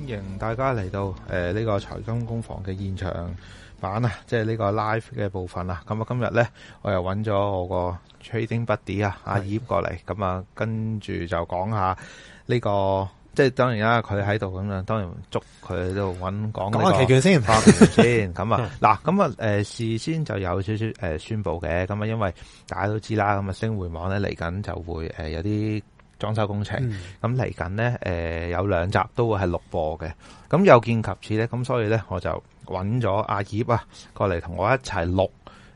歡迎大家嚟到誒呢、呃這個財金工房嘅現場版啊，即係呢個 live 嘅部分啊。咁啊今日咧，我又揾咗我個 trading buddy 啊阿葉過嚟，咁啊跟住就講一下呢、這個，即係當然啦，佢喺度咁樣，當然捉佢喺度揾講呢、這個期權先， 先咁啊嗱，咁啊誒，事先就有少少誒宣布嘅，咁啊因為大家都知啦，咁啊星回網咧嚟緊就會誒、呃、有啲。裝修工程咁嚟緊呢，誒、呃、有兩集都會係錄播嘅，咁又見及此呢，咁所以呢，我就揾咗阿葉啊過嚟同我一齊錄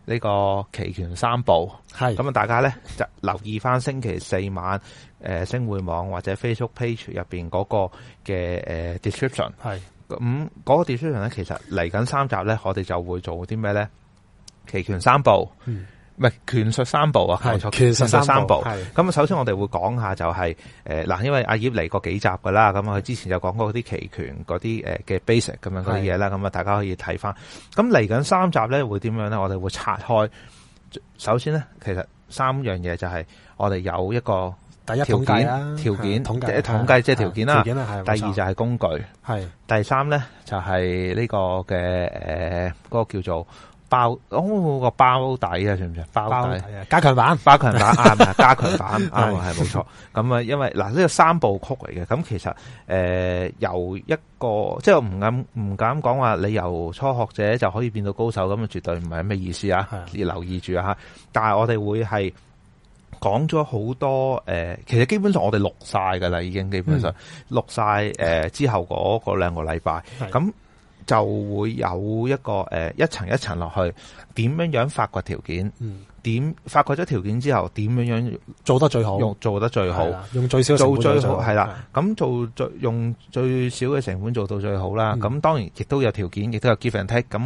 呢個《期權三部》。係咁啊大家呢，就留意翻星期四晚誒、呃、星匯網或者 Facebook page 入邊嗰個嘅誒、呃、description，係咁嗰個 description 呢，其實嚟緊三集呢，我哋就會做啲咩呢？《期權三部》嗯。唔係權術三部啊，權術三部。咁啊，首先我哋會講下就係誒嗱，因為阿葉嚟過幾集噶啦，咁佢之前就講過啲期權，嗰啲誒嘅 basic 咁樣嗰啲嘢啦，咁啊，大家可以睇翻。咁嚟緊三集咧會點樣咧？我哋會拆開。首先咧，其實三樣嘢就係我哋有一個第一條件，條件，統計，即係條件啦。條件第二就係工具。係。第三咧就係呢個嘅誒，嗰個叫做。包，個包底啊，算唔算？包底啊，加強版，強版 加強版啱，加強版啱係冇錯。咁啊，係冇錯 因為嗱呢個三部曲嚟嘅，咁其實誒、呃、由一個，即係我唔敢唔敢講話，你由初學者就可以變到高手，咁啊絕對唔係咩意思啊。要是的 留意住啊吓！但係我哋會係講咗好多誒、呃，其實基本上我哋錄晒噶啦，已經基本上錄晒誒之後嗰兩兩個禮拜咁。是的 就會有一個誒、呃、一層一層落去，點樣發掘條件？點發掘咗條件之後，點樣做得最好？用做得最好，的用最少成本做最好啦。咁做最用最少嘅成本做到最好啦。咁當然亦都有條件，亦都有 give and take。咁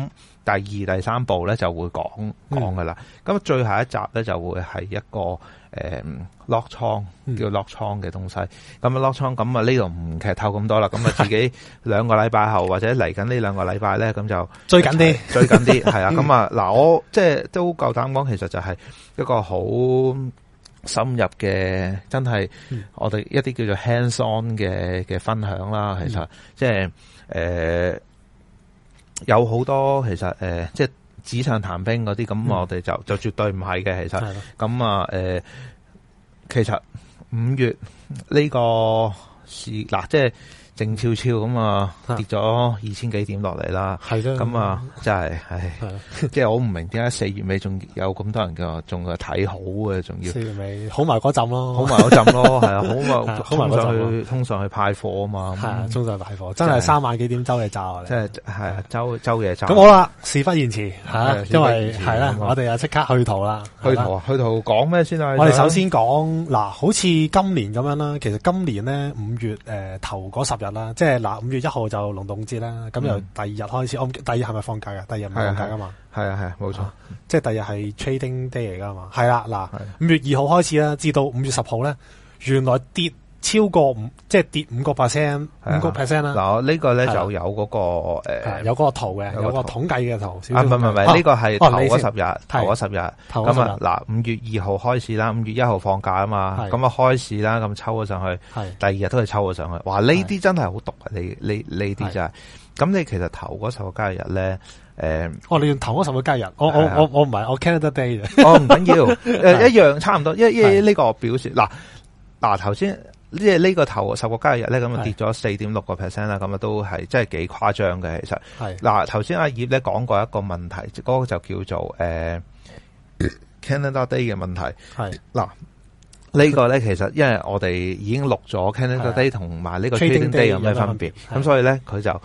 第二、第三步咧就會講講噶啦。咁是的 最後一集咧就會係一個。誒，Lock 倉叫 Lock 倉嘅東西，咁啊 Lock 倉，咁啊呢度唔劇透咁多啦，咁啊自己兩個禮拜後或者嚟緊呢兩個禮拜咧，咁就追緊啲，追緊啲，係啊，咁啊嗱，我即係都夠膽講，其實就係一個好深入嘅，真係、嗯、我哋一啲叫做 hands on 嘅嘅分享啦。其實、嗯、即係誒、呃，有好多其實誒、呃，即係。紙上談兵嗰啲咁，我哋就、嗯、就絕對唔係嘅。其實咁啊是的、呃，其實五月呢個事嗱，即係。靜悄悄咁啊，跌咗二千幾點落嚟啦，係咯，咁啊真係，唉，即係我唔明點解四月尾仲有咁多人個仲係睇好嘅，仲要四月尾好埋嗰陣咯，好埋嗰陣咯，係啊，好埋好埋去，通常去派貨啊嘛，係啊，通常派貨，真係三萬幾點周嚟炸，即係係啊，周周嘅炸，咁好啦，事不宜遲吓，因為係啦，我哋啊，即刻去圖啦，去圖去圖講咩先啊？我哋首先講嗱，好似今年咁樣啦，其實今年咧五月誒頭嗰十日。啦，即係嗱，五月一號就勞動節啦，咁由第二日開始，我第二日係咪放假噶？第二日唔係放假噶嘛？係啊係，冇錯，即係第二日係 trading day 嚟噶嘛？係啦，嗱，五月二號開始啦，至到五月十號咧，原來跌。超過五即係跌五個 percent，五個 percent 啦。嗱，呢個咧就有嗰個誒，有嗰個圖嘅，有個統計嘅圖。啊，唔係唔係，呢個係頭嗰十日，頭嗰十日。咁啊，嗱，五月二號開始啦，五月一號放假啊嘛，咁啊開始啦，咁抽咗上去，第二日都係抽咗上去。哇，呢啲真係好毒啊！呢呢呢啲就係。咁你其實頭嗰十個交易日咧，誒。哦，你用頭嗰十個交易日，我我我我唔係，我 Canada Day，我唔緊要，誒一樣差唔多，因為呢個表示嗱嗱頭先。即係呢個頭十個交易日咧，咁啊跌咗四點六個 percent 啦，咁啊都係真係幾誇張嘅，其實。係是。嗱，頭先阿葉咧講過一個問題，嗰、那個就叫做誒、呃、Canada Day 嘅問題。係是。嗱，呢個咧其實因為我哋已經錄咗 Canada Day 同埋呢個 Trading Day 有咩分別？咁是所以咧佢就誒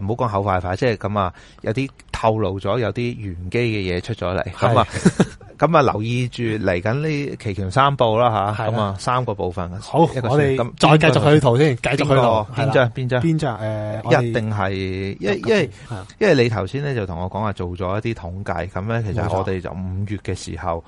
唔好講口快快，即係咁啊，有啲透露咗有啲玄機嘅嘢出咗嚟。係是。樣 咁啊，留意住嚟緊呢權術三部啦吓，咁啊三個部分，好，我哋再繼續去圖先，繼續去圖，邊張邊張邊張，誒，一定係，因因為因為你頭先咧就同我講話做咗一啲統計，咁咧其實我哋就五月嘅時候，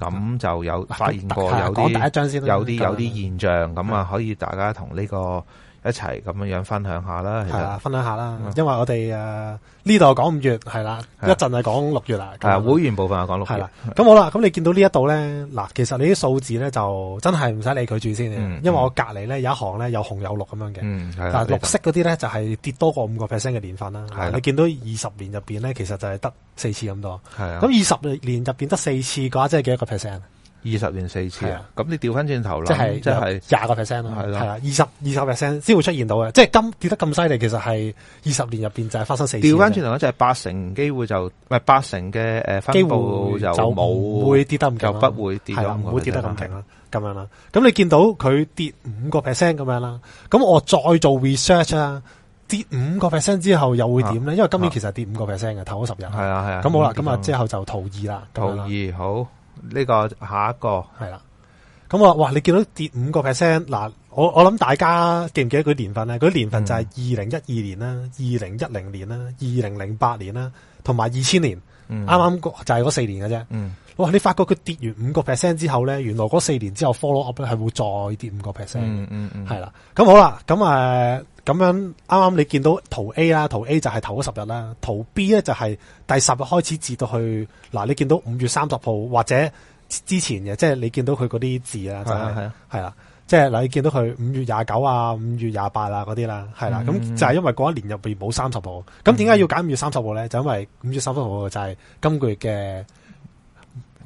咁就有發現過有啲，講第一張先，有啲有啲現象，咁啊可以大家同呢個。一齊咁樣樣分享下啦，係啦，分享下啦。因為我哋誒呢度講五月係啦，一陣係講六月啦。係會員部分啊，講六月啦。咁好啦，咁你見到呢一度咧，嗱，其實你啲數字咧就真係唔使理佢住先。因為我隔籬咧有一行咧有紅有綠咁樣嘅。嗯，係。但係綠色嗰啲咧就係跌多過五個 percent 嘅年份啦。係，你見到二十年入邊咧，其實就係得四次咁多。係。咁二十年入邊得四次嘅話，即係幾多個 percent？二十年四次啊！咁你調翻轉頭啦，即係廿個 percent 咯，係啊，二十二十 percent 先會出現到嘅。即係今跌得咁犀利，其實係二十年入邊就係發生四次。調翻轉頭咧，就係八成機會就係八成嘅誒，機會就冇會跌得唔平，不會跌咁，唔會跌得咁勁啦。咁樣啦，咁你見到佢跌五個 percent 咁樣啦，咁我再做 research 啦，跌五個 percent 之後又會點咧？因為今年其實跌五個 percent 嘅，頭十日係啊係啊。咁好啦，咁啊之後就圖二啦，圖二好。呢個下一個係啦，咁的我話，哇，你見到跌五個 percent 嗱，我我諗大家記唔記得佢年份咧？佢年份就係二零一二年啦、二零一零年啦、二零零八年啦，同埋二千年。嗯啱啱就係嗰四年嘅啫。哇、嗯！你發覺佢跌完五個 percent 之後咧，原來嗰四年之後 follow up 咧係會再跌五個 percent，係啦。咁、嗯嗯嗯、好啦，咁誒咁樣啱啱你見到圖 A 啦，圖 A 就係頭十日啦，圖 B 咧就係第十日開始至到去嗱，你見到五月三十號或者之前嘅，即、就、係、是、你見到佢嗰啲字啦，係啊係啊係啊。的即係你見到佢五月廿九啊，五月廿八啊嗰啲啦，係啦，咁就係因為嗰一年入邊冇三十號，咁點解要揀五月三十號咧？就因為五月三十號就係今個月嘅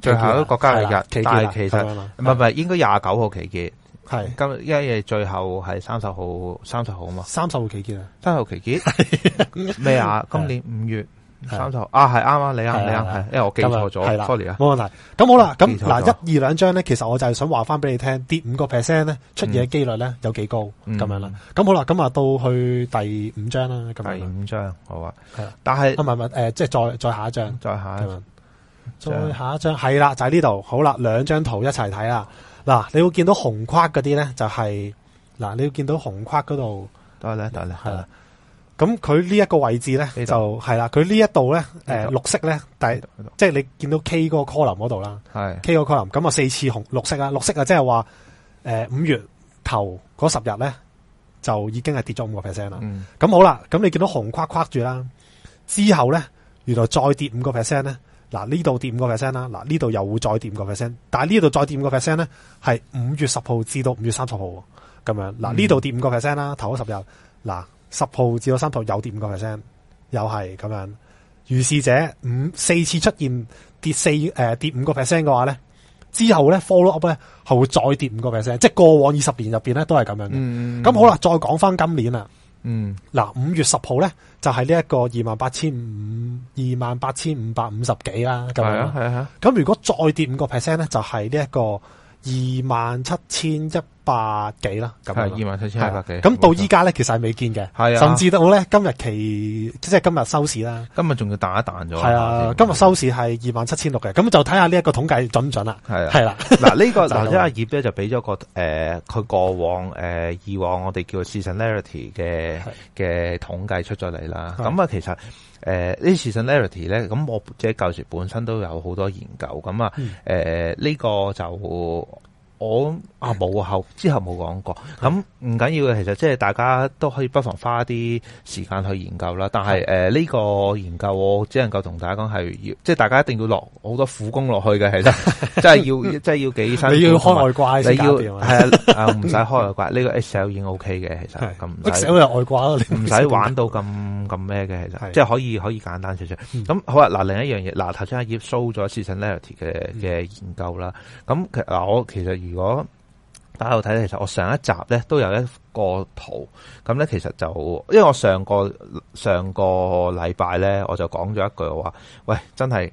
最後一個國家日，期待，但係其實唔係唔係應該廿九號期結，係今因為最後係三十號，三十號嘛，三十號期結啊，三十號期結咩啊？ 今年五月。三頭啊，係啱啱你啱，你啱，係，因為我記錯咗，係啦，冇問題，咁好啦，咁嗱，一、二兩張咧，其實我就係想話翻俾你聽，跌五個 percent 咧，出現嘅幾率咧有幾高，咁樣啦，咁好啦，咁啊到去第五張啦，咁第五張好啊，但係唔係唔誒，即係再再下一張，再下，再下一張，係啦，就喺呢度，好啦，兩張圖一齊睇啦，嗱，你會見到紅框嗰啲咧，就係嗱，你會見到紅框嗰度，得啦，得啦，係啦。咁佢呢一個位置咧你就係啦，佢呢一度咧誒綠色咧，但係即係你見到 K 嗰個 column 嗰度啦，K 個 column 咁啊四次紅綠色啦，綠色啊即係話誒五月頭嗰十日咧就已經係跌咗五個 percent 啦。咁、嗯、好啦，咁你見到紅框框住啦，之後咧原來再跌五個 percent 咧，嗱，呢度、呃、跌五個 percent 啦，嗱，呢度又會再跌五個 percent，但係呢度再跌五個 percent 咧，係五月十號至到五月三十號咁樣，嗱，呢度跌五個 percent 啦，嗯、頭十日嗱。呃十號至到三號又跌五個 percent，又係咁樣。如是者五四次出現跌四誒、呃、跌五個 percent 嘅話咧，之後咧 follow up 咧係會再跌五個 percent，即係過往二十年入面咧都係咁樣嘅。咁、嗯、好啦，再講翻今年啦。嗯、就是，嗱五月十號咧就係呢一個二萬八千五二萬八千五百五十幾啦。係啊係啊。咁、啊、如果再跌五個 percent 咧，就係呢一個。二萬七千一百幾啦，咁係二萬七千一百幾。咁到依家咧，其實係未見嘅，甚至好咧今日期，即係今日收市啦。今日仲要彈一彈咗。係啊，今日收市係二萬七千六嘅。咁就睇下呢一個統計準唔準啦。係啊，係啦。嗱呢個嗱一阿葉咧就俾咗個誒，佢過往誒以往我哋叫做 seasonality 嘅嘅統計出咗嚟啦。咁啊，其實。誒，呢次 similarity 咧，咁我即係舊時本身都有好多研究，咁、呃、啊，誒，呢個就。我啊冇後之後冇講過，咁唔緊要嘅，其實即係大家都可以不妨花啲時間去研究啦。但係誒呢個研究，我只能夠同大家講係要，即係大家一定要落好多苦功落去嘅，其實即係要即係要幾生你要開外掛你要掂啊！唔使開外掛，呢個 Excel 已經 O K 嘅，其實咁唔使外掛咯，唔使玩到咁咁咩嘅，其實即係可以可以簡單少少。咁好啦嗱，另一樣嘢嗱，頭先阿葉 show 咗 seasonality 嘅嘅研究啦。咁其實嗱，我其實如果大家睇，其實我上一集咧都有一個圖，咁咧其實就，因為我上個上個禮拜咧，我就講咗一句話，喂，真係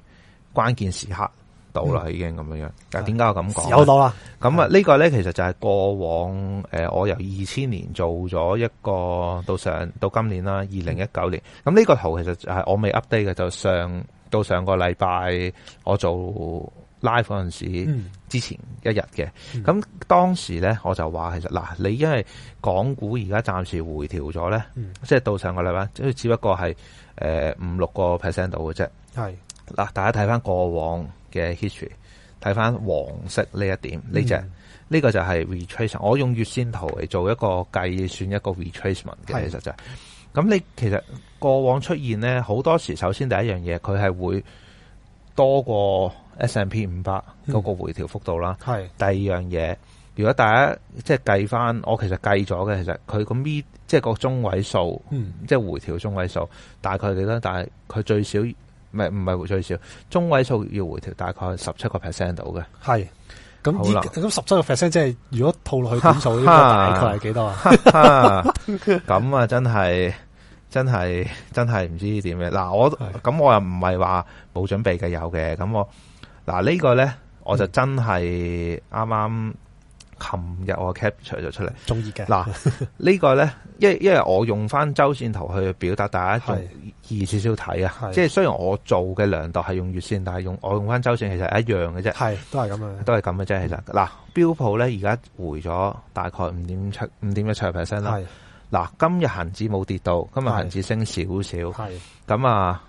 關鍵時刻到啦，嗯、已經咁樣樣。但點解我咁講？有到啦。咁啊，呢個咧其實就係過往誒，我由二千年做咗一個到上到今年啦，二零一九年。咁呢、嗯、個圖其實係我未 update 嘅，就上到上個禮拜我做。拉嗰陣時、嗯、之前一日嘅，咁、嗯、當時咧我就話其實嗱，你因為港股而家暫時回調咗咧，嗯、即係到上個禮拜，只不過係誒五六個 percent 度嘅啫。嗱、呃是，大家睇翻過往嘅 history，睇翻黃色呢一點，呢隻呢個就係 retracement、嗯。我用月線圖嚟做一個計算，一個 retracement 嘅其實就係、是、咁。是你其實過往出現咧好多時，首先第一樣嘢佢係會多過。S&P 五百嗰個回調幅度啦，係、嗯、第二樣嘢。如果大家即係計返，我其實計咗嘅，其實佢個咪即係個中位數，嗯、即係回調中位數大概幾多？但係佢最少唔係唔係最少，中位數要回調大概十七個 percent 到嘅。係咁，咁十七個 percent 即係如果套落去點數，呢個哈大概係幾多啊？咁啊， 真係真係真係唔知點嘅嗱。我咁的我又唔係話冇準備嘅，有嘅咁我。嗱，呢個咧，我就真係啱啱琴日我 capture 咗出嚟，中意熱嘅。嗱，呢個咧，因因為我用翻周綫圖去表達，大家仲易少少睇啊。是 即係雖然我做嘅量度係用月綫，但係用我用翻周綫其實一樣嘅啫。係，都係咁嘅，都係咁嘅啫。其實嗱、嗯，標普咧而家回咗大概五點七五點一七 percent 啦。嗱，今日恒指冇跌到，今日恒指升少少。係，咁啊。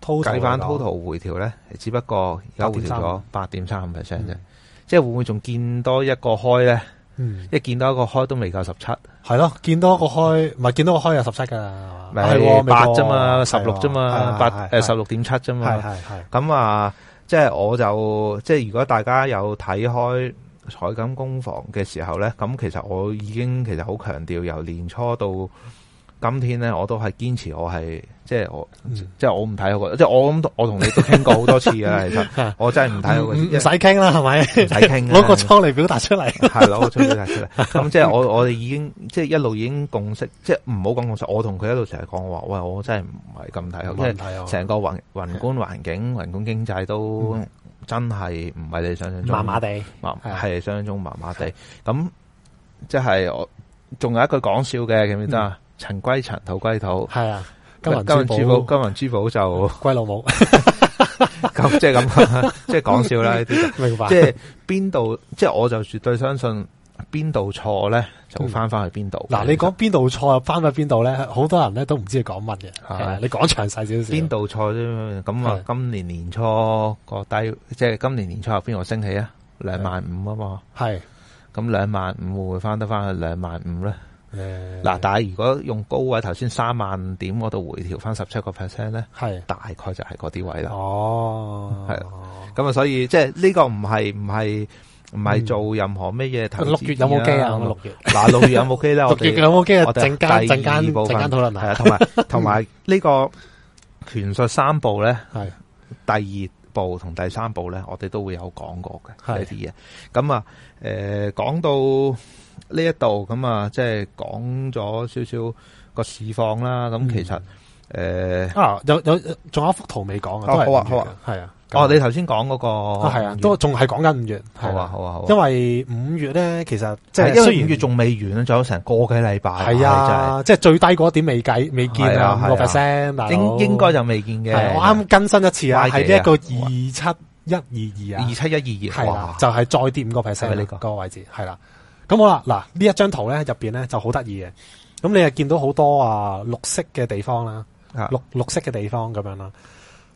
睇翻 total 回調咧，只不過而家回調咗八點三五 percent 啫，即係會唔會仲見多一個開咧？嗯，一見多一個開都未夠十七，係咯，見多一個開，咪見到個開係十七噶，咪八啫嘛，十六啫嘛，八誒十六點七啫嘛，係係係。咁啊，即係我就即係如果大家有睇開財金工房嘅時候咧，咁其實我已經其實好強調，由年初到今天咧，我都係堅持我係。即係我，即係我唔睇佢，個，即係我咁，我同你都傾過好多次㗎。其實我真係唔睇佢，個，唔使傾啦，係咪？唔使傾，攞個倉嚟，表達出嚟，係攞我倉嚟表達出嚟。咁即係我，我哋已經即係一路已經共識，即係唔好講共識。我同佢一路成日講話，喂，我真係唔係咁睇，即係成個環宏觀環境，宏觀經濟都真係唔係你想象中麻麻地，係係想象中麻麻地。咁即係我，仲有一句講笑嘅咁樣，記唔記得，係塵歸塵，土歸土，係啊。今日珠寶，今日珠寶就歸老母。咁即係咁，即係講笑啦。 明白。即係邊度，即係我就絕對相信邊度錯咧，就會翻翻去邊度。嗱，你講邊度錯翻去邊度咧？好多人咧都唔知你講乜嘅。係，你講詳細少少。邊度錯啫？咁啊，今年年初個低，即係的今年年初有邊個升起啊，兩萬五啊嘛。係的。咁兩萬五會會翻得翻去兩萬五咧？嗱，但係如果用高位，頭先三萬點嗰度回調翻十七個 percent 咧，係大概就係嗰啲位啦。哦，係，咁啊，所以即係呢個唔係唔係唔係做任何咩嘢投資啦。六月有冇機啊？六月，嗱，六月有冇機咧？六月有冇機啊？陣間陣間討論下，同埋同埋呢個權術三部咧，係第二部同第三部咧，我哋都會有講過嘅一啲嘢。咁啊，誒，講到。呢一度咁啊，即係講咗少少個市況啦。咁其實誒，啊，有有，仲有一幅圖未講啊，都係五月嘅。係啊，哦，你頭先講嗰個係啊，都仲係講緊五月。好啊，好啊，好因為五月咧，其實即係雖然五月仲未完，仲有成個幾禮拜。係啊，即係最低嗰一點未計未見啊，五個 percent，應應該就未見嘅。我啱更新一次啊，係一個二七一二二啊，二七一二二，係就係再跌五個 percent 呢個個位置，係啦。咁好啦，嗱，呢一張圖咧，入邊咧就好得意嘅。咁你又見到好多啊綠色嘅地方啦，綠綠色嘅地方咁樣啦。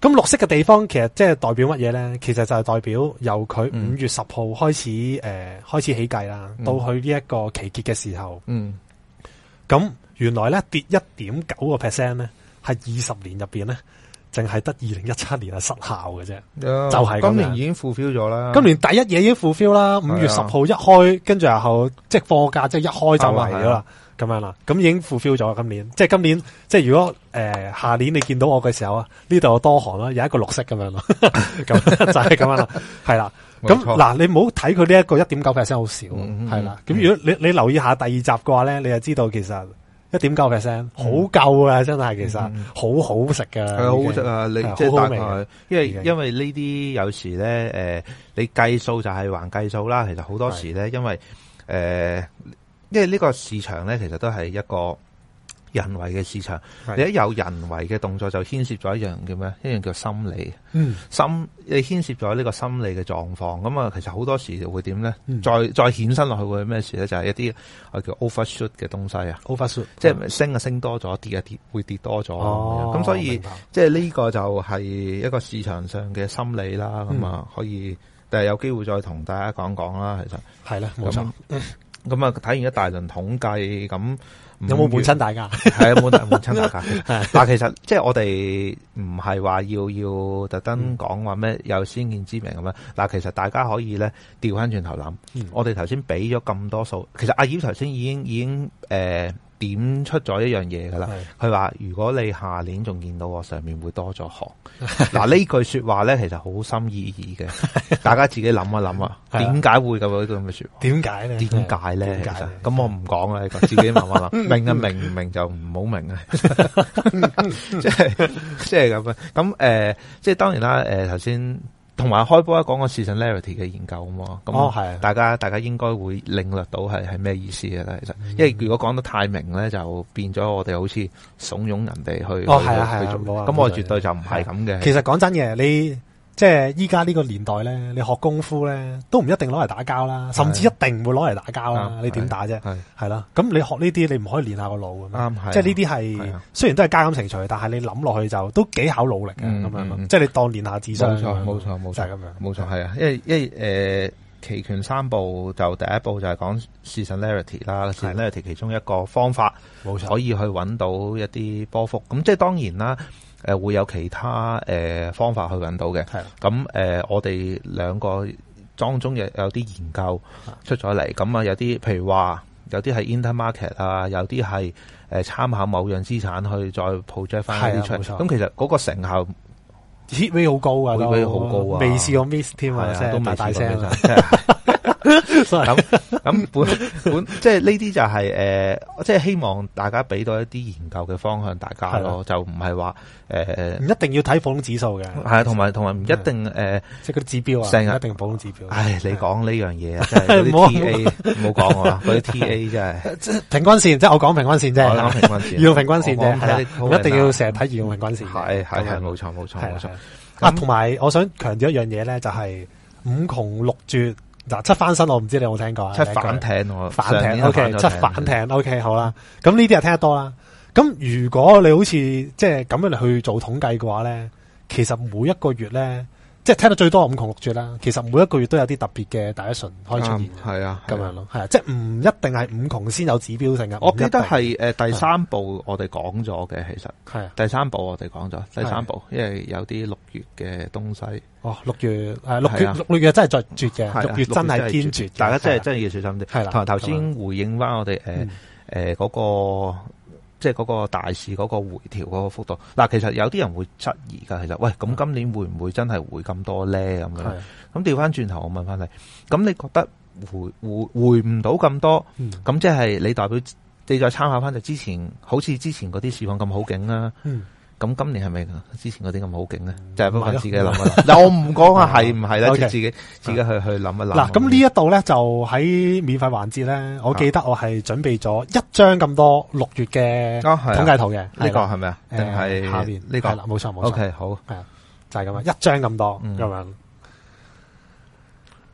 咁綠色嘅地方其實即係代表乜嘢咧？其實就係代表由佢五月十號開始，誒、嗯呃、開始起計啦，到佢呢一個期結嘅時候，嗯，咁原來咧跌一點九個 percent 咧，係二十年入邊咧。淨係得二零一七年係失效嘅啫，yeah, 就係今年已經 fulfill 咗啦。今年第一嘢，已經 fulfill 啦，五月十號一開，跟住，啊，然後即係貨價，即係一開就嚟咗啦，咁，啊啊，樣啦。咁已經 fulfill 咗今年，即係今年即係如果誒，呃，下年你見到我嘅時候啊，呢度有多行啦，有一個綠色咁 樣咯，就係咁樣啦，係啦。咁嗱，你唔好睇佢呢一個一點九 percent 好少，係啦，嗯嗯嗯。咁如果你你留意一下第二集嘅話咧，你就知道其實。一點九 percent，好夠啊！真係，其實、嗯、好食、嗯、些好食噶，係啊，好食啊，你即係打明牌，因為因為呢啲有時咧，誒，你計數就係橫計數啦。其實好多時咧，因為誒，因為呢個市場咧，其實都係一個。人為嘅市場，你一有人為嘅動作，就牽涉咗一樣叫咩？一樣叫心理。嗯，心你牽涉咗呢個心理嘅狀況，咁啊，其實好多時會點咧？嗯、再再衍生落去會咩事咧？就係、是、一啲我叫 overshoot 嘅東西啊，overshoot，即係升啊升多咗，嗯、跌啊跌會跌多咗。咁、哦、所以白即係呢個就係一個市場上嘅心理啦。咁啊、嗯，可以第日有機會再同大家講講啦。其實係啦，冇錯。咁啊！睇完一大輪統計，咁有冇滿親大家？係有冇滿親大家？ 但其實即係我哋唔係話要要特登講話咩有先見之明咁啦。嗱、嗯，其實大家可以咧調翻轉頭諗，嗯、我哋頭先俾咗咁多數，其實阿葉頭先已經已經、呃點出咗一樣嘢噶啦，佢話如果你下年仲見到我上面會多咗行。嗱，呢句說話咧，其實好心意義嘅，大家自己諗一諗啊，點解會咁樣咁嘅說話？點解咧？點解咧？點解咧？咁我唔講啦，自己慢慢諗，明啊，明唔明就唔好明啊，即係即係咁樣。咁誒，即係當然啦，誒頭先。同埋開波一講個事實 n a r n i t y 嘅研究，咁咁大家、哦、大家應該會領略到係係咩意思嘅咧，其實，嗯、因為如果講得太明咧，就變咗我哋好似慫恿人哋去哦去做。啊係啊，啊，咁做有我絕對的就唔係咁嘅。其實講真嘅你。即係依家呢個年代咧，你學功夫咧都唔一定攞嚟打交啦，甚至一定唔會攞嚟打交啦。你點打啫？係係啦。咁你學呢啲，你唔可以練下個腦㗎嘛。即係呢啲係雖然都係加減乘除，但係你諗落去就都幾考努力嘅咁樣。即係你當練下智商。冇錯，冇錯，冇錯，係係咁樣。冇錯係啊，因為因為誒，期權三部就第一步就係講 seasonality 啦，seasonality 其中一個方法，可以去揾到一啲波幅。咁即係當然啦。誒會有其他誒、呃、方法去揾到嘅，係咁，誒我哋兩個當中有有啲研究出咗嚟，咁啊的有啲譬如話，有啲係 intermarket 啊，有啲係、呃、參考某樣資產去再 project 翻啲出嚟。咁其實嗰個成效 hit rate 好高啊 hit rate 好高啊，未試過 miss 添啊的，都唔係大聲。 咁咁，本本，即係呢啲就係誒，即係希望大家俾到一啲研究嘅方向大家咯，就唔係話誒誒，唔一定要睇普通指數嘅，係啊，同埋同埋唔一定誒，即係嗰啲指標啊，成日一定普通指標。唉，你講呢樣嘢啊，嗰啲 T A 冇講啊，嗰啲 T A 真係即係平均綫，即係我講平均綫啫，講平均綫，要平均綫啫，係一定要成日睇移動平均綫，係係係，冇錯冇錯冇錯。啊，同埋我想強調一樣嘢咧，就係五窮六絕。嗱，七翻身我唔知你有冇聽過？啊，七反艇，艇我，反艇，艇，O OK , K，七反艇，艇了，O、OK, K，好啦，咁呢啲又聽得多啦。咁如果你好似即係咁樣嚟去做統計嘅話咧，其實每一個月咧。即係聽到最多五窮六絕啦，其實每一個月都有啲特別嘅第一順可以出現，係啊，咁樣咯，係啊，即係唔一定係五窮先有指標性㗎。我記得係第三部我哋講咗嘅，其實係第三部我哋講咗，第三部，因為有啲六月嘅東西哦，六月六月、六月真係最絕嘅，六月真係堅絕，大家真係真係要小心啲。係啦，同頭先回應翻我哋誒誒嗰個。即係嗰個大市嗰個回調嗰個幅度，嗱其實有啲人會質疑㗎，其實喂，咁今年會唔會真係是的 回咁多咧？咁樣，咁調翻轉頭，我問翻你，咁你覺得回回回唔到咁多，咁即係你代表你再參考翻就之前，好似之前嗰啲市況咁好景啦、啊。嗯咁今年係咪之前嗰啲咁好勁呢？就係幫我自己諗一諗。又唔講啊，係唔係咧？即自己自己去去諗一諗。嗱，咁呢一度咧就喺免費環節咧。我記得我係準備咗一張咁多六月嘅統計圖嘅。呢個係咪啊？定係下邊呢個？冇錯冇錯。O K 好係，就係咁樣，一張咁多咁樣，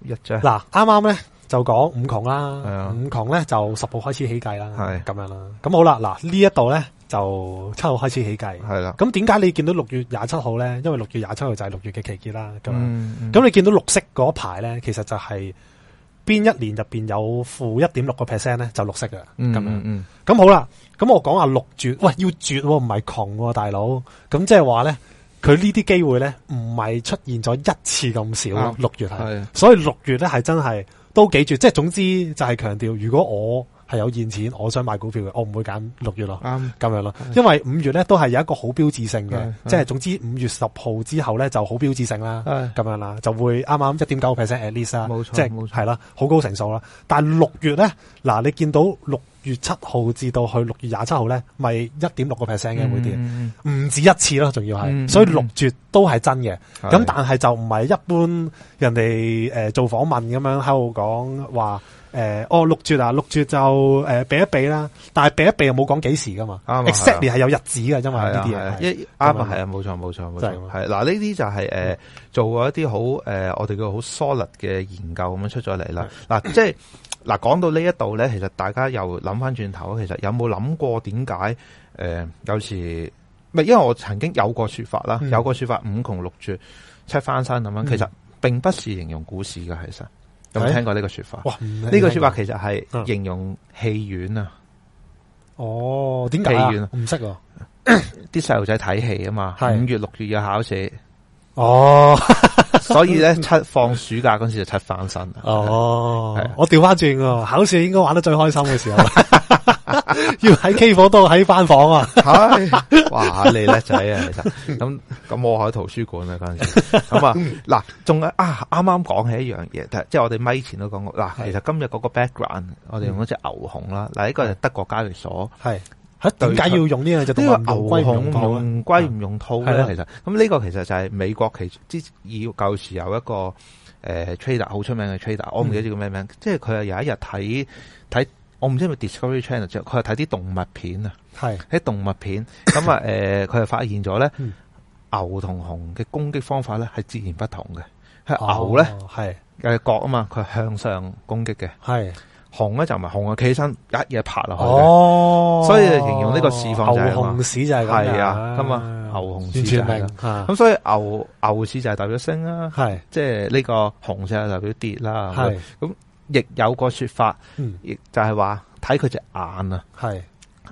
一張嗱啱啱咧就講五窮啦，五窮咧就十號開始起計啦，係咁樣啦。咁好啦，嗱呢一度咧。就七號開始起計，係啦。咁點解你見到六月廿七號咧？因為六月廿七號就係六月嘅期結啦。咁咁、嗯嗯、你見到綠色嗰一排咧，其實就係邊一年入面有負一點六個 percent 咧，就綠色嘅。咁咁好啦。咁我講下六絕。喂，要絕唔、啊、係窮喎、啊，大佬。咁即係話咧，佢呢啲機會咧，唔係出現咗一次咁少六、嗯、月係，是的 所以六月咧係真係都幾絕。即係總之就係強調，如果我。係有現錢，我想買股票嘅，我唔會揀六月咯，啱咁、嗯、樣咯，嗯、因為五月咧都係有一個好標誌性嘅，嗯、即係總之五月十號之後咧就好標誌性啦，咁、嗯、樣啦就會啱啱一點九個 percent at least 啦，冇錯，即係係啦，好冇錯高成數啦，但係六月咧嗱，你見到六月七號至到去六月廿七號咧，咪一點六個 percent 嘅每啲唔止一次咯，仲要係，所以六絕都係真嘅。咁但係就唔係一般人哋誒做訪問咁樣喺度講話誒，哦六絕啊，六絕就誒避一避啦，但係避一避又冇講幾時噶嘛，exactly 係有日子嘅，因為呢啲嘢，啱係啊，冇錯冇錯冇錯，係嗱呢啲就係誒做過一啲好誒，我哋叫好 solid 嘅研究咁樣出咗嚟啦，嗱即係。嗱，講到呢一度咧，其實大家又諗翻轉頭，其實有冇諗過點解？誒、呃，有時係，因為我曾經有個說法啦，嗯、有個說法五窮六絕七翻身咁樣，嗯、其實並不是形容股市嘅，其實有冇聽過呢個說法？哇、啊，呢個說法其實係形容戲院啊！哦，點解啊？戲院啊？唔識啊！啲細路仔睇戲啊嘛，五月六月要考試。哦，所以咧，七放暑假嗰時就出翻身哦，係、啊、我調翻轉，考試應該玩得最開心嘅時候， 要喺 K 房都喺班房啊。係，哇，你叻仔啊！咁咁 我喺圖書館啊嗰陣時，咁啊嗱，仲啊啊啱啱講起一樣嘢，即係我哋咪前都講過嗱、啊，其實今日嗰個 background，我哋用咗隻牛熊啦，嗱、啊，呢、這個係德國交易所，係。吓，點解要用呢樣就？呢個牛龜唔用兔，熊龜唔用兔咧。其實咁呢個其實就係美國其之以舊時有一個誒、呃、trader 好出名嘅 trader，我唔記得叫咩名。嗯、即係佢係有一日睇睇，我唔知係咪 Discovery Channel 啫。佢係睇啲動物片啊，係喺是動物片咁啊。誒、 嗯，佢係發現咗咧，牛同熊嘅攻擊方法咧係截然不同嘅。係、哦、牛咧係誒角啊嘛，佢係向上攻擊嘅，係。紅咧就唔係紅啊，企起身一嘢爬落去嘅。所以形容呢個市況，就係牛熊市就係咁樣，係啊，咁啊，牛熊市，完全明咁，所以牛牛市就係代表升啦，係，即係呢個紅就係代表跌啦，係。咁亦有個說法，亦就係話睇佢隻眼啊，係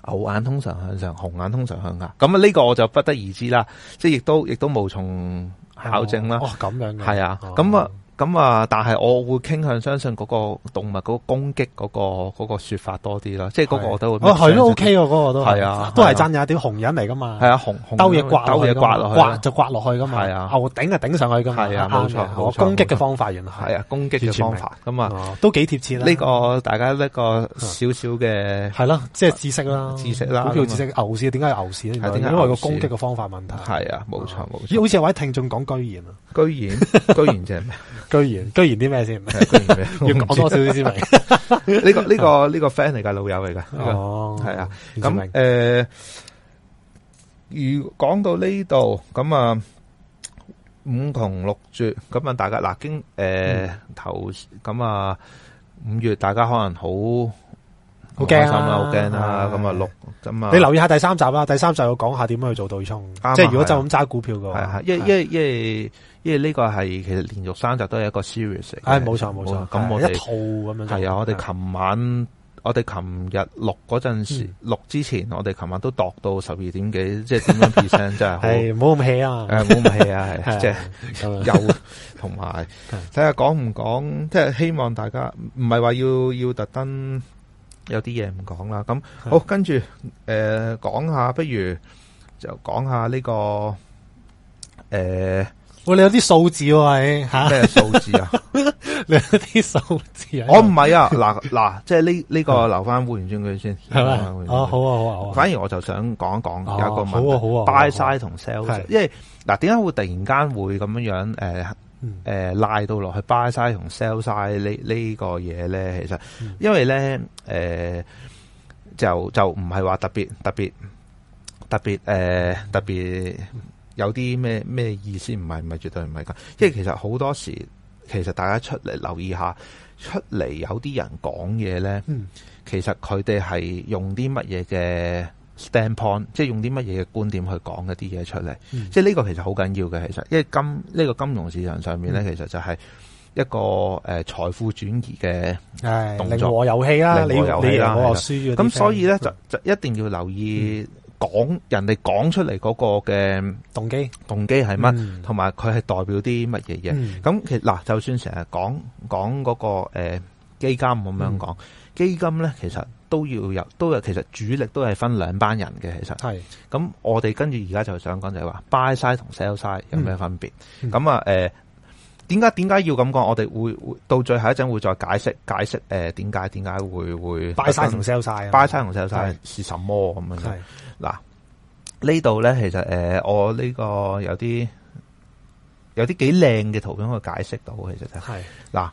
牛眼通常向上，熊眼通常向下。咁啊呢個我就不得而知啦，即係亦都亦都無從考證啦。哦，咁樣嘅，係啊，咁啊。咁啊，但係我會傾向相信嗰個動物嗰個攻擊嗰個嗰個說法多啲啦，即係嗰個我都會，哦係咯，OK，嗰個都係啊，都係真有啲紅人嚟噶嘛，係啊，紅，兜嘢刮，兜嘢刮落去，刮就刮落去噶嘛，係啊，牛頂就頂上去噶嘛，係啊，冇錯冇錯，攻擊嘅方法原來係啊，攻擊嘅方法，咁啊，都幾貼切啦，呢個大家一個少少嘅係啦，即係知識啦，知識啦，股票知識，牛市點解牛市咧？點解？因為個攻擊嘅方法問題，係啊，冇錯冇錯，好似係位聽眾講居然啊，居然居然即係咩？居然居然啲咩先？ 要講多少啲先？呢、這個呢 個呢個 friend 嚟㗎，老友嚟㗎。哦，係啊的。咁誒，如講、呃、到呢度咁啊，五窮六絕咁啊，大家嗱經誒、呃嗯、頭咁啊五月，大家可能好。好驚啊！好驚啊！咁啊錄咁啊，你留意下第三集啦。第三集我講下點樣去做對沖，即係如果就咁揸股票嘅話，因為因為因為因為呢個係其實連續三集都係一個 serious。係冇錯冇錯，咁我一套咁樣。係啊，我哋琴晚我哋琴日錄嗰陣時，錄之前我哋琴晚都度到十二點幾，即係點樣 percent 真係係唔好咁氣啊！係唔好咁氣啊！係即係有，同埋睇下講唔講，即係希望大家唔係話要要特登。有啲嘢唔講啦，咁好跟住誒講下，不如就講下呢個誒，喂，你有啲數字喎。你吓，咩數字啊？你有啲數字啊？我唔係啊，嗱嗱，即係呢呢個留翻換完轉佢先，係咪？好啊好啊，反而我就想講一講有一個問題，好啊好啊，Buy Side 同 sell，因為嗱點解會突然間會咁樣樣誒，賴、呃、到落去 buy 晒同 sell 晒呢呢個嘢咧，其實因為咧，誒、呃、就就唔係話特別特別、呃、特別誒特別有啲咩咩意思，唔係唔係絕對唔係噶，因為其實好多時，其實大家出嚟留意下，出嚟有啲人講嘢咧，其實佢哋係用啲乜嘢嘅。standpoint，即係用啲乜嘢嘅觀點去講一啲嘢出嚟，即係呢個其實好緊要嘅。其實因為金呢個金融市場上面咧，其實就係一個誒財富轉移嘅誒零和遊戲啦，零和遊戲啦，咁所以咧就就一定要留意講人哋講出嚟嗰個嘅動機動機係乜，同埋佢係代表啲乜嘢嘢。咁其實嗱，就算成日講講嗰個誒基金咁樣講基金咧，其實。都要有都有其實主力都係分兩班人嘅，其實咁是我哋跟住而家就想講就係、是、話 Buy Side 同 Sell Side 有咩分別咁啊誒點解點解要咁講，我哋會，會到最後一陣會再解釋解釋誒點解點解會會 Buy Side 同 Sell Side Buy Side 同 Sell Side 係什麼咁樣，嗱呢度呢，其實誒、呃、我呢個有啲有啲幾靚嘅圖片可以解釋到其實係嗱是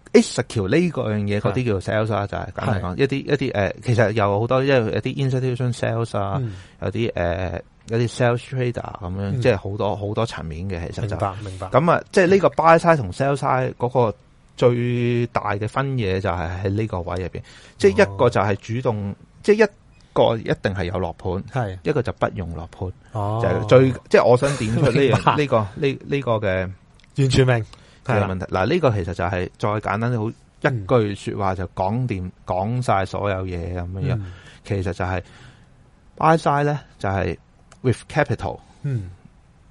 a s t r 呢個樣嘢，嗰啲叫 sales 啊，就係簡單講一啲一啲誒，其實有好多因為有啲 institution sales 啊，有啲誒有啲 sales trader 咁樣，即係好多好多層面嘅其實就明白明白。咁啊，即係呢個 buy side 同 sell side 嗰個最大嘅分野就係喺呢個位入邊，即係一個就係主動，即係一個一定係有落盤，一個就不用落盤，就係最即係我想點出呢呢個呢呢個嘅完全明。係問題嗱，呢、這個其實就係、是、再簡單啲，好一句說話就講掂講晒所有嘢咁樣樣。其實就係、是嗯、buy side 咧，就係 with capital，嗯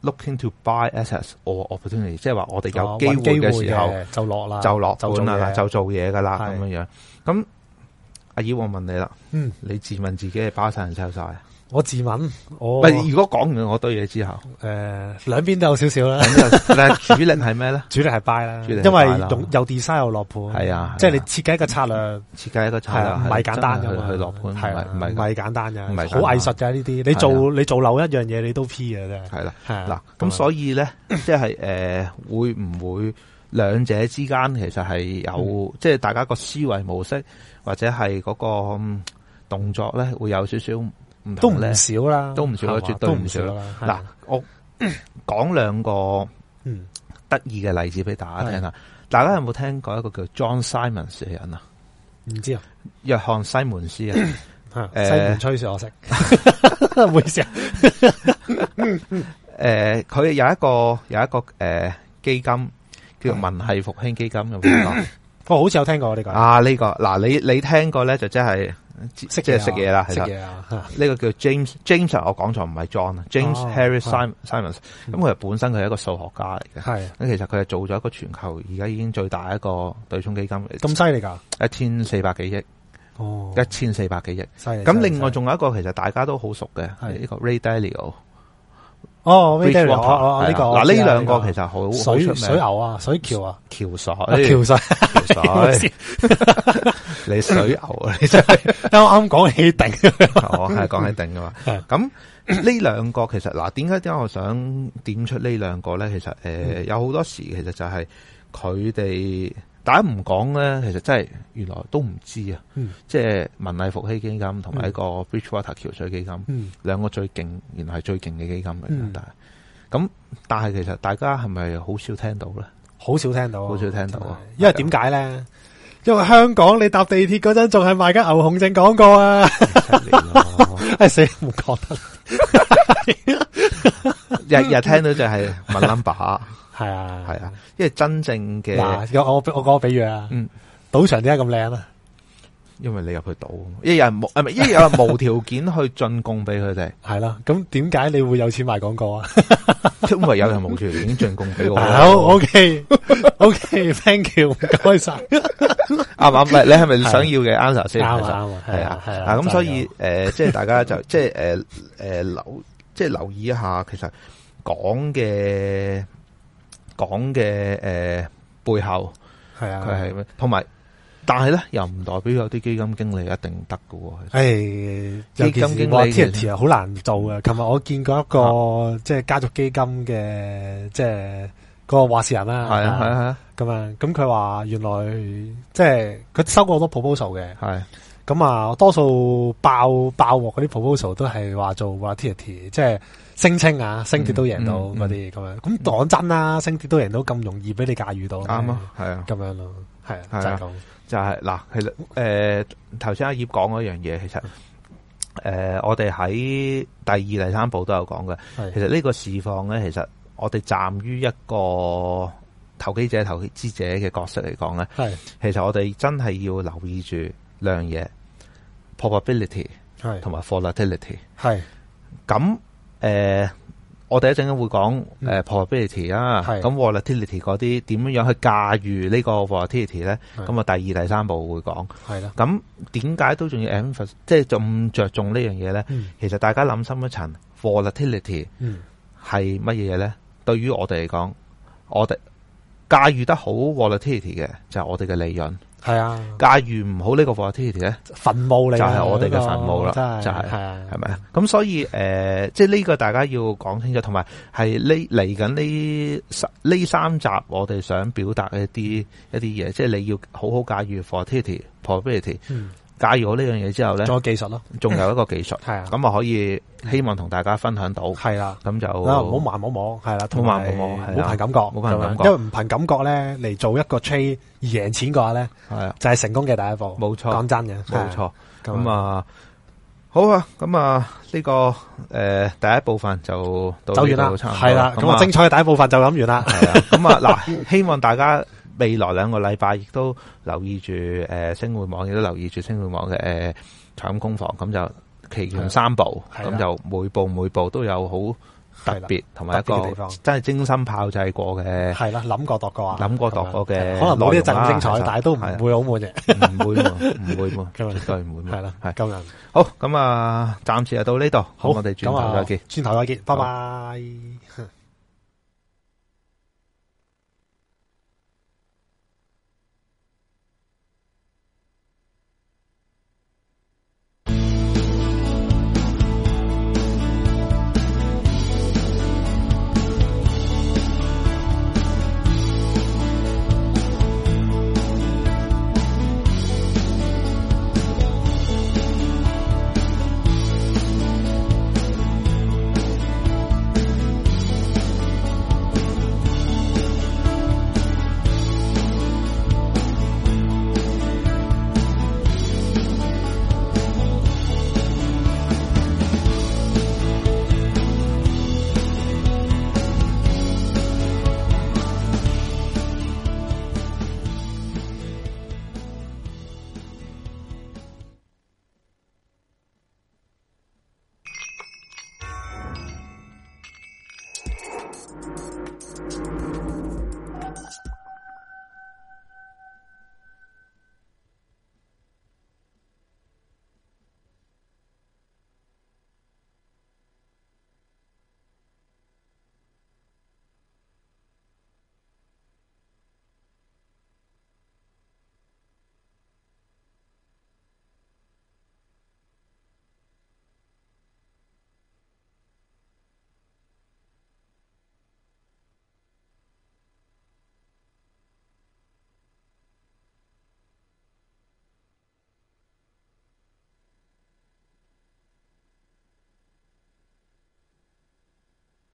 ，looking to buy assets or opportunity，即係話我哋有機會嘅時候、哦、就落啦，就落就做嘢啦、啊，就做嘢噶啦咁樣樣。咁，阿 Yip，我問你啦，嗯，你自問自己係 buy side 定 sell side？我自問，我。喂，如果講完我對嘢之後，誒兩邊都有少少啦。但係主力係咩咧？主力係 buy 啦，因為有 design 又落盤，係啊，即係你設計一個策略，設計一個策略係啊。唔係簡單噶嘛，去落盤係唔係唔係簡單嘅，唔係好藝術嘅呢啲。你做你做漏一樣嘢，你都 P 嘅啫。係啦，嗱咁所以咧，即係誒會唔會兩者之間其實係有即係大家個思維模式或者係嗰個動作咧會有少少。都唔少啦，都唔少啦，絕對唔少啦。嗱，我講兩個得意嘅例子俾大家聽下。大家有冇聽過一個叫 John Simon 嘅人啊？唔知啊，約翰西門斯，西門吹雪我識，唔好意思啊。誒，佢有一個有一個誒基金叫做文藝復興基金咁樣，哦好似有聽過呢個啊，呢個嗱，你你聽過咧就真係。識即係識嘢啦，識嘢啊！呢個叫 James，James 我講錯唔係 John 啊，James Harry Simons，Simons 咁佢本身佢係一個數學家嚟嘅，咁其實佢係做咗一個全球而家已經最大一個對沖基金，咁犀利噶，一千四百幾億，哦，一千四百幾億，犀利。咁另外仲有一個其實大家都好熟嘅，係呢個 Ray Dalio。哦，呢個嗱，呢兩個其實好水水牛啊，水橋啊，橋傻，橋傻，你水牛，啊，你真係啱啱講起定，我係講起定噶嘛。咁呢兩個其實嗱，點解點解我想點出呢兩個咧？其實誒，有好多時其實就係佢哋。大家唔講咧，其實真係原來都唔知啊！嗯、即係文藝復興基金同埋一個 Bridgewater 橋水基金，兩、嗯、個最勁，原來係最勁嘅基金嚟、嗯、但係咁，但係其實大家係咪好少聽到咧？好少聽到，好少聽到啊！的因為點解咧？對因為香港你搭地鐵嗰陣，仲係賣緊牛熊證講過啊！死唔覺得？ 日日聽到就係文林爸。 係啊，係啊，因為真正嘅。嗱，有我我講個比喻啊，嗯，賭場點解咁靚啊？因為你入去賭，一人冇誒，咪一人無條件去進貢俾佢哋係啦。咁點解你會有錢賣廣告啊？因為有人無條件已經進貢俾我，好 O K O K，Thank you，唔該晒。唔係你係咪想要嘅 answer？啱頭先啱啊，係啊，係啊。咁所以誒，即係大家就即係誒誒留即係留意一下，其實講嘅。講嘅誒背後係啊，佢係，同埋但係咧又唔代表有啲基金經理一定得嘅。係、哎、基金經理，金經理 quality 好難做嘅。琴日我見過一個、啊、即係家族基金嘅，即係嗰、嗰個話事人啦。係啊係啊係啊，咁、啊啊、樣咁佢話原來即係佢收過好多 proposal 嘅，係咁啊，啊我多數爆爆鑊嗰啲 proposal 都係話做 quality 即係。聲稱啊，升跌都贏到嗰啲咁樣，咁講、嗯嗯嗯、真啦，嗯、升跌都贏到咁容易，俾你駕馭到，啱咯，係啊，咁樣咯，係，就係就係嗱，其實誒，頭先阿葉講嗰樣嘢，其實誒，我哋喺第二、第三部都有講嘅，是其實個況呢個市況咧，其實我哋站於一個投機者、投機者嘅角色嚟講咧，係是，其實我哋真係要留意住兩樣嘢，probability 係，同埋 volatility 係，咁是。是誒、呃，我哋一陣間會講誒、呃、，probability 啦，咁、嗯、volatility 嗰啲點樣樣去駕馭呢個 volatility 咧？咁啊的，第二、第三步會講。係啦的。咁點解都仲要 emphas，即係仲着重呢樣嘢咧？嗯、其實大家諗深一層，volatility 係乜嘢、嗯、咧？對於我哋嚟講，我哋駕馭得好 volatility 嘅，就係、是、我哋嘅利潤。係啊，駕馭唔好呢個 volatility 咧，墳墓嚟，那個、就係我哋嘅墳墓啦，就係，係咪啊？咁所以誒、呃，即係呢個大家要講清楚，同埋係呢嚟緊呢三呢三集，我哋想表達一啲一啲嘢，即係你要好好駕馭 volatility probability、嗯。假如我呢樣嘢之後咧，仲有技術咯，仲有一個技術，係啊，咁啊可以希望同大家分享到，係啦，咁就唔好盲摸摸，係啦，唔好盲摸摸，唔好憑感覺，因為唔憑感覺咧嚟做一個 trade 贏錢嘅話咧，係啊，就係成功嘅第一步，冇錯，講真嘅，冇錯，咁啊，好啊，咁啊，呢個誒第一部分就走完啦，係啦，咁啊精彩嘅第一部分就咁完啦，係啦，咁啊嗱，希望大家。未來兩個禮拜亦都留意住，誒，星匯網亦都留意住星匯網嘅誒財金工房，咁就權術三部，咁就每部每部都有好特別同埋一個真係精心炮製過嘅，係啦，諗過踱過啊，諗過踱過嘅，可能攞啲震驚材料，但係都唔會好悶嘅，唔會，唔會，絕對唔會，係啦，係救人。好，咁啊，暫時就到呢度，好，我哋轉頭再見，轉頭再見，拜拜。